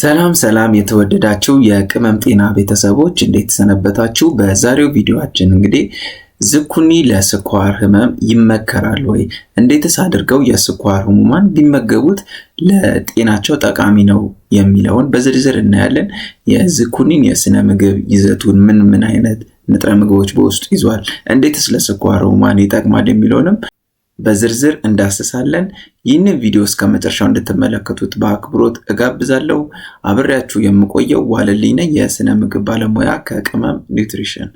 ሰላም ሰላም የተወደዳችሁ የቅመም ጤና ቤተሰቦች እንዴት ሰነበታችሁ? በዛሬው ቪዲዮአችን እንግዲህ ዝኩኒ ለስኳር ህመም ይመከራል ወይ? እንዴትስ አድርገው የስኳር ህሙማን ቢመገቡት ለጤናቸው ጠቃሚ ነው የሚለውን በዝርዝር እናያለን። የዝኩኒን የስነ ምግብ ይዘቱን ምን ምን አይነት ንጥረ ምግቦች በውስጡ ይዟል፣ እንዴትስ ለስኳር ህሙማን ይጠቅማል የሚለውንም በዝርዝር እንዳስሳለን። ይህንን ቪዲዮ እስከ መጨረሻው እንድትመለከቱት በአክብሮት እጋብዛለሁ። አብሬያችሁ የምቆየው ዋለልኝ ነኝ፣ የስነ ምግብ ባለሙያ ከቅመም ኒውትሪሽን።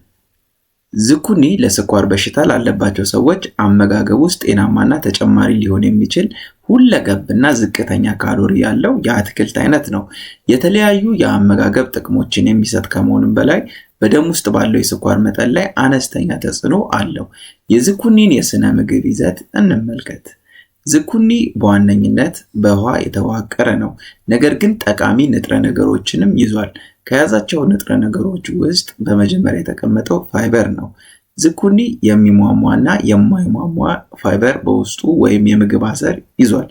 ዝኩኒ ለስኳር በሽታ ላለባቸው ሰዎች አመጋገብ ውስጥ ጤናማና ተጨማሪ ሊሆን የሚችል ሁለገብና ዝቅተኛ ካሎሪ ያለው የአትክልት አይነት ነው። የተለያዩ የአመጋገብ ጥቅሞችን የሚሰጥ ከመሆኑም በላይ በደም ውስጥ ባለው የስኳር መጠን ላይ አነስተኛ ተጽዕኖ አለው። የዝኩኒን የስነ ምግብ ይዘት እንመልከት። ዝኩኒ በዋነኝነት በውሃ የተዋቀረ ነው፣ ነገር ግን ጠቃሚ ንጥረ ነገሮችንም ይዟል። ከያዛቸው ንጥረ ነገሮች ውስጥ በመጀመሪያ የተቀመጠው ፋይበር ነው። ዝኩኒ የሚሟሟና የማይሟሟ ፋይበር በውስጡ ወይም የምግብ አሰር ይዟል።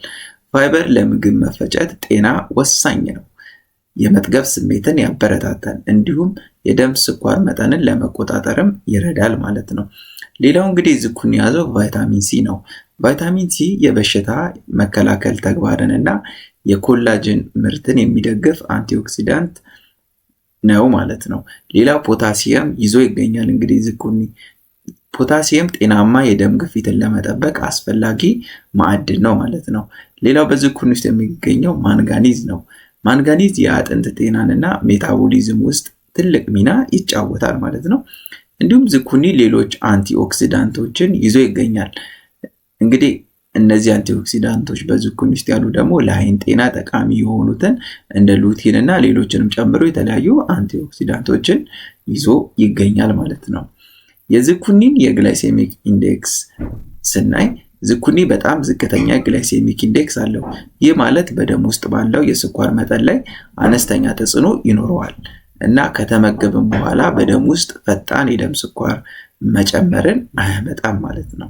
ፋይበር ለምግብ መፈጨት ጤና ወሳኝ ነው። የመጥገብ ስሜትን ያበረታታል፣ እንዲሁም የደም ስኳር መጠንን ለመቆጣጠርም ይረዳል ማለት ነው። ሌላው እንግዲህ ዝኩን የያዘው ቫይታሚን ሲ ነው። ቫይታሚን ሲ የበሽታ መከላከል ተግባርን እና የኮላጅን ምርትን የሚደግፍ አንቲኦክሲዳንት ነው ማለት ነው። ሌላው ፖታሲየም ይዞ ይገኛል። እንግዲህ ዝኩኒ ፖታሲየም ጤናማ የደም ግፊትን ለመጠበቅ አስፈላጊ ማዕድን ነው ማለት ነው። ሌላው በዝኩኒ ውስጥ የሚገኘው ማንጋኒዝ ነው። ማንጋኒዝ የአጥንት ጤናንና ሜታቦሊዝም ውስጥ ትልቅ ሚና ይጫወታል ማለት ነው። እንዲሁም ዝኩኒ ሌሎች አንቲኦክሲዳንቶችን ይዞ ይገኛል። እንግዲህ እነዚህ አንቲኦክሲዳንቶች በዝኩኒ ውስጥ ያሉ ደግሞ ለአይን ጤና ጠቃሚ የሆኑትን እንደ ሉቲን እና ሌሎችንም ጨምሮ የተለያዩ አንቲኦክሲዳንቶችን ይዞ ይገኛል ማለት ነው። የዝኩኒን የግላይሴሚክ ኢንዴክስ ስናይ ዝኩኒ በጣም ዝቅተኛ ግላይሴሚክ ኢንዴክስ አለው። ይህ ማለት በደም ውስጥ ባለው የስኳር መጠን ላይ አነስተኛ ተጽዕኖ ይኖረዋል እና ከተመገብን በኋላ በደም ውስጥ ፈጣን የደም ስኳር መጨመርን አያመጣም ማለት ነው።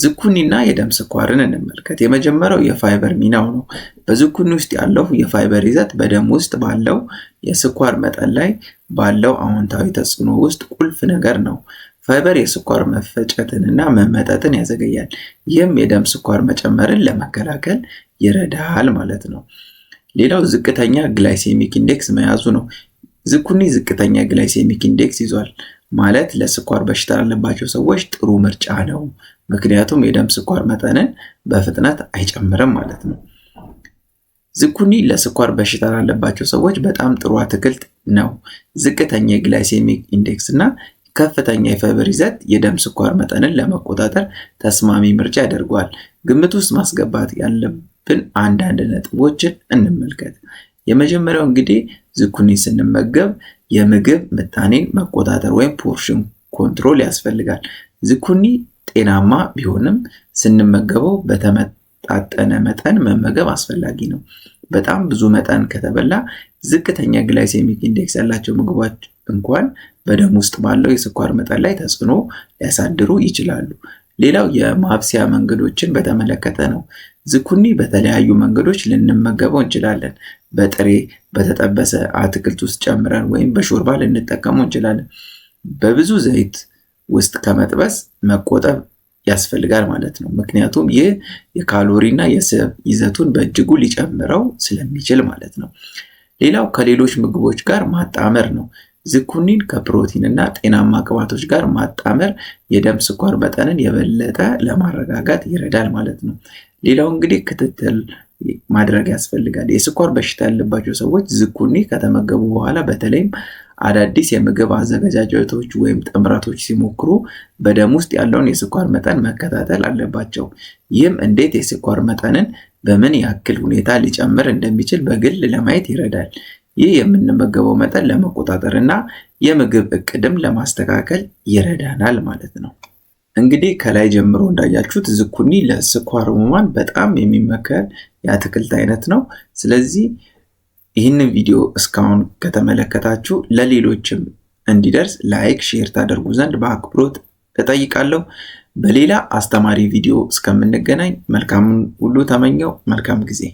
ዝኩኒና የደም ስኳርን እንመልከት። የመጀመሪያው የፋይበር ሚናው ነው። በዝኩኒ ውስጥ ያለው የፋይበር ይዘት በደም ውስጥ ባለው የስኳር መጠን ላይ ባለው አዎንታዊ ተጽዕኖ ውስጥ ቁልፍ ነገር ነው። ፋይበር የስኳር መፈጨትንና መመጠጥን ያዘገያል። ይህም የደም ስኳር መጨመርን ለመከላከል ይረዳል ማለት ነው። ሌላው ዝቅተኛ ግላይሴሚክ ኢንዴክስ መያዙ ነው። ዝኩኒ ዝቅተኛ ግላይሴሚክ ኢንዴክስ ይዟል ማለት ለስኳር በሽታ ላለባቸው ሰዎች ጥሩ ምርጫ ነው። ምክንያቱም የደም ስኳር መጠንን በፍጥነት አይጨምርም ማለት ነው። ዝኩኒ ለስኳር በሽታ ላለባቸው ሰዎች በጣም ጥሩ አትክልት ነው። ዝቅተኛ የግላይሴሚክ ኢንዴክስ እና ከፍተኛ የፋይበር ይዘት የደም ስኳር መጠንን ለመቆጣጠር ተስማሚ ምርጫ ያደርገዋል። ግምት ውስጥ ማስገባት ያለብን አንዳንድ ነጥቦችን እንመልከት። የመጀመሪያው እንግዲህ ዝኩኒ ስንመገብ የምግብ ምጣኔ መቆጣጠር ወይም ፖርሽን ኮንትሮል ያስፈልጋል። ዝኩኒ ጤናማ ቢሆንም ስንመገበው በተመጣጠነ መጠን መመገብ አስፈላጊ ነው። በጣም ብዙ መጠን ከተበላ ዝቅተኛ ግላይሴሚክ ኢንዴክስ ያላቸው ምግቦች እንኳን በደም ውስጥ ባለው የስኳር መጠን ላይ ተጽዕኖ ሊያሳድሩ ይችላሉ። ሌላው የማብሰያ መንገዶችን በተመለከተ ነው። ዝኩኒ በተለያዩ መንገዶች ልንመገበው እንችላለን። በጥሬ በተጠበሰ አትክልት ውስጥ ጨምረን ወይም በሾርባ ልንጠቀመው እንችላለን። በብዙ ዘይት ውስጥ ከመጥበስ መቆጠብ ያስፈልጋል ማለት ነው። ምክንያቱም ይህ የካሎሪና የስብ ይዘቱን በእጅጉ ሊጨምረው ስለሚችል ማለት ነው። ሌላው ከሌሎች ምግቦች ጋር ማጣመር ነው። ዝኩኒን ከፕሮቲን እና ጤናማ ቅባቶች ጋር ማጣመር የደም ስኳር መጠንን የበለጠ ለማረጋጋት ይረዳል ማለት ነው። ሌላው እንግዲህ ክትትል ማድረግ ያስፈልጋል። የስኳር በሽታ ያለባቸው ሰዎች ዝኩኒ ከተመገቡ በኋላ በተለይም አዳዲስ የምግብ አዘገጃጀቶች ወይም ጥምረቶች ሲሞክሩ በደም ውስጥ ያለውን የስኳር መጠን መከታተል አለባቸው። ይህም እንዴት የስኳር መጠንን በምን ያክል ሁኔታ ሊጨምር እንደሚችል በግል ለማየት ይረዳል። ይህ የምንመገበው መጠን ለመቆጣጠር እና የምግብ እቅድም ለማስተካከል ይረዳናል ማለት ነው። እንግዲህ ከላይ ጀምሮ እንዳያችሁት ዝኩኒ ለስኳር ህሙማን በጣም የሚመከር የአትክልት አይነት ነው። ስለዚህ ይህንን ቪዲዮ እስካሁን ከተመለከታችሁ ለሌሎችም እንዲደርስ ላይክ፣ ሼር ታደርጉ ዘንድ በአክብሮት እጠይቃለሁ። በሌላ አስተማሪ ቪዲዮ እስከምንገናኝ መልካምን ሁሉ ተመኘው። መልካም ጊዜ